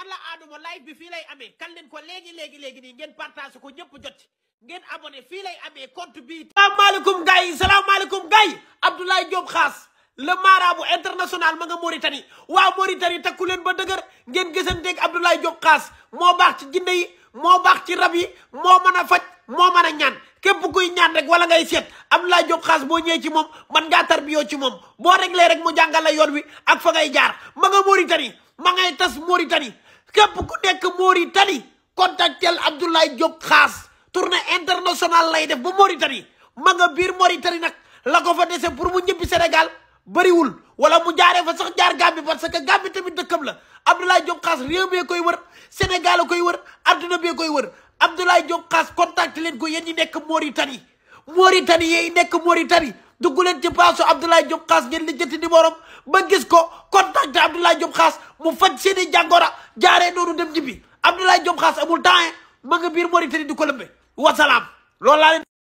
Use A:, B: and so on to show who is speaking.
A: alla aaduma live bi fii lay
B: amee kan leen ko léegi léegi léegi nii ngeen partage ko ñëpp jot ngeen abonné fii lay amee compte
C: bi salaamaaleykum gars yi salaamaaleykum gars yi Abdoulaye Diop Khass le marabout international ma nga Mauritanie waa Mauritanie takku leen ba dëgër ngeen gisanteeg Abdoulaye Diop Khass moo baax ci jinne yi moo baax ci rab yi moo mën a faj moo mën a ñaan képp kuy ñaan rek wala ngay seet Abdoulaye Diop Khass boo ñëwee ci moom man ngaa tarbiyoo ci moom boo réglé rek mu jàngal la yoon wi ak fa ngay jaar ma nga Mauritanie ma ngay tas Mauritanie képp ku nekk Mauritanie contactel Abdoulaye Diop xaas tournée internationale lay def ba Mauritanie ma nga biir Mauritanie nag la ko fa dese pour mu ñibbi Sénégal bëriwul wala mu jaaree fa sax jaar Gambie parce que Gambie tamit dëkkam la Abdoulaye Diop xaas réew mi koy wër Sénégal koy wër adduna bi koy wër Abdoulaye Diop xaas contact leen ko yéen ñi nekk Mauritanie Mauritanie yéen nekk Mauritanie dugg leen ci paasu Abdoulaye Diop xaas ngeen lijjanti numéro ba gis ko contacté Abdoulaye Diop xaas mu faj seeni jàngora jaaree noonu dem ñibbi Abdoulaye Diop Khass amul temps ma nga biir Mauritanie di ko lëmbe wasalaam loolu laa